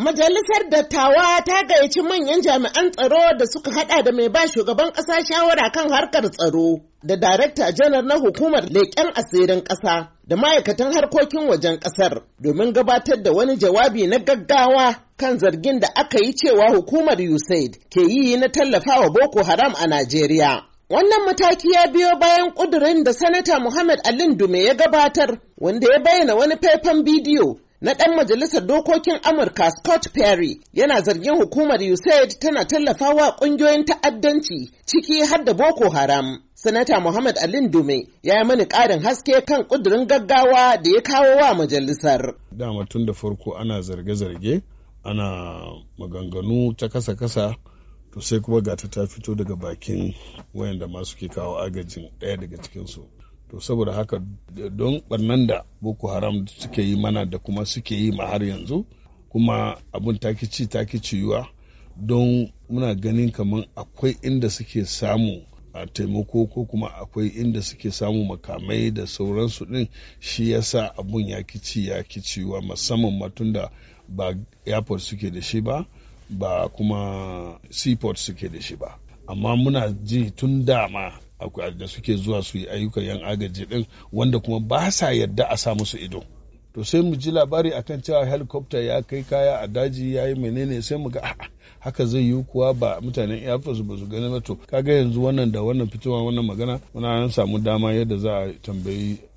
Majalisar dattawa ta gayyaci manyan jami'an tsaro da suka hada da mai ba shugaban ƙasa shawara kan harkar tsaro da darakta janar na hukumar leƙen asirin ƙasa da ma'aikatan harkokin wajen ƙasar domin gabatar da wani jawabi na gaggawa kan zargin da aka yi cewa hukumar USAID ke yi na tallafawa Boko Haram a Najeriya. Wannan mataki ya biyo bayan ƙudurin da Sanata Muhammad Alin Dume ya gabatar wanda ya bayyana wani faifan bidiyo na ɗan majalisar dokokin Amurka Scott Perry yana zargin hukumar USAID tana tallafawa ƙungiyoyin ta'addanci ciki har da Boko Haram. Sanata Muhammad Alin Dume ya yi mani ƙarin haske kan ƙudurin gaggawa da ya kawo wa majalisar. Dama tun da farko ana zarge-zarge, ana maganganu ta kasa-kasa, to sai kuma gata ta fito daga bakin wayanda masu ke kawo agajin ɗaya daga cikinsu. to saboda haka don barnan da boko haram suke yi mana da kuma suke yi ma har yanzu kuma abun takici takici yiwa don muna ganin kamar akwai inda suke samu a taimako ko kuma akwai inda suke samu makamai da sauransu din shi yasa abun ya kici ya kiciwa musamman matun da ba airport suke da shi ba ba kuma seaport suke da shi ba amma muna ji tun dama da suke zuwa su yi ayyukan yan agaji din wanda kuma ba sa yadda a sa musu ido to sai mu ji labari akan cewa helicopter ya kai kaya a daji ya yi menene sai mu ga haka zai yi kuwa ba mutanen airforce ba su gani mato. to kaga yanzu wannan da wannan fitowa wannan magana muna an samu dama yadda za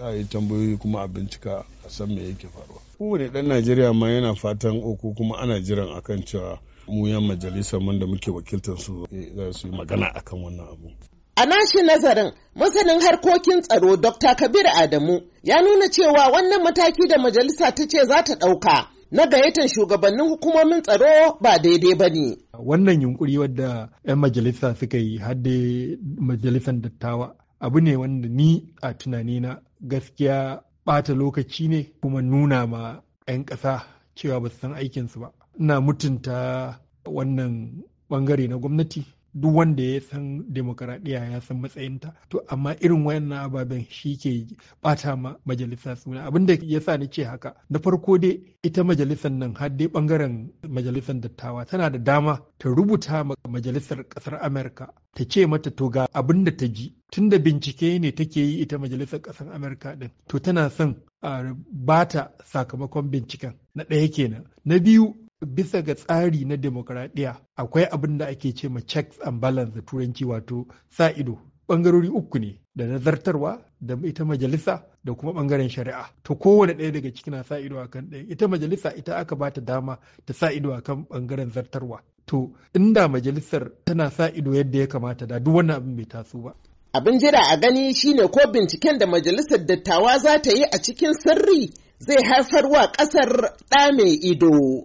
a yi tambayoyi kuma a bincika a san me yake faruwa kowane dan najeriya ma yana fatan oko kuma ana jiran akan cewa mu yan majalisar mun da muke wakiltar su eh, za su yi magana akan wannan abu A nashi nazarin masanin harkokin tsaro Dr. Kabir Adamu ya nuna cewa wannan mataki da majalisa ta ce za ta ɗauka na gayyatar shugabannin hukumomin tsaro ba daidai ba ne. Wannan yunkuri wadda 'yan majalisa suka yi hadde majalisan dattawa abu ne wanda ni a tunani na. gaskiya ɓata lokaci ne kuma nuna ma 'yan ƙasa cewa ba su san aikinsu ba. Ina mutunta wannan ɓangare na gwamnati duk wanda ya san demokaradiyya ya san matsayinta to amma irin wayannan ababen shi ke bata ma majalisa suna abinda da ya sa ni ce haka na farko dai ita majalisar nan har dai bangaren majalisar dattawa tana da dama ta rubuta ma majalisar kasar amurka ta ce mata to ga abin da ta ji tunda bincike ne take yi ita majalisar kasar amurka din to tana son a bata sakamakon binciken na ɗaya kenan na biyu bisa ga tsari na demokradiyya akwai abin da ake ce ma checks and balance da turanci wato sa ido bangarori uku ne da nazartarwa da ita majalisa da kuma ɓangaren shari'a to kowane ɗaya daga ciki na sa ido akan ɗaya ita majalisa ita aka ba ta dama ta sa ido akan ɓangaren zartarwa to inda majalisar tana sa ido yadda ya kamata da duk wannan abin bai taso ba abin jira a gani shine ko binciken da majalisar dattawa za ta yi a cikin sirri zai haifar wa ƙasar ɗa mai ido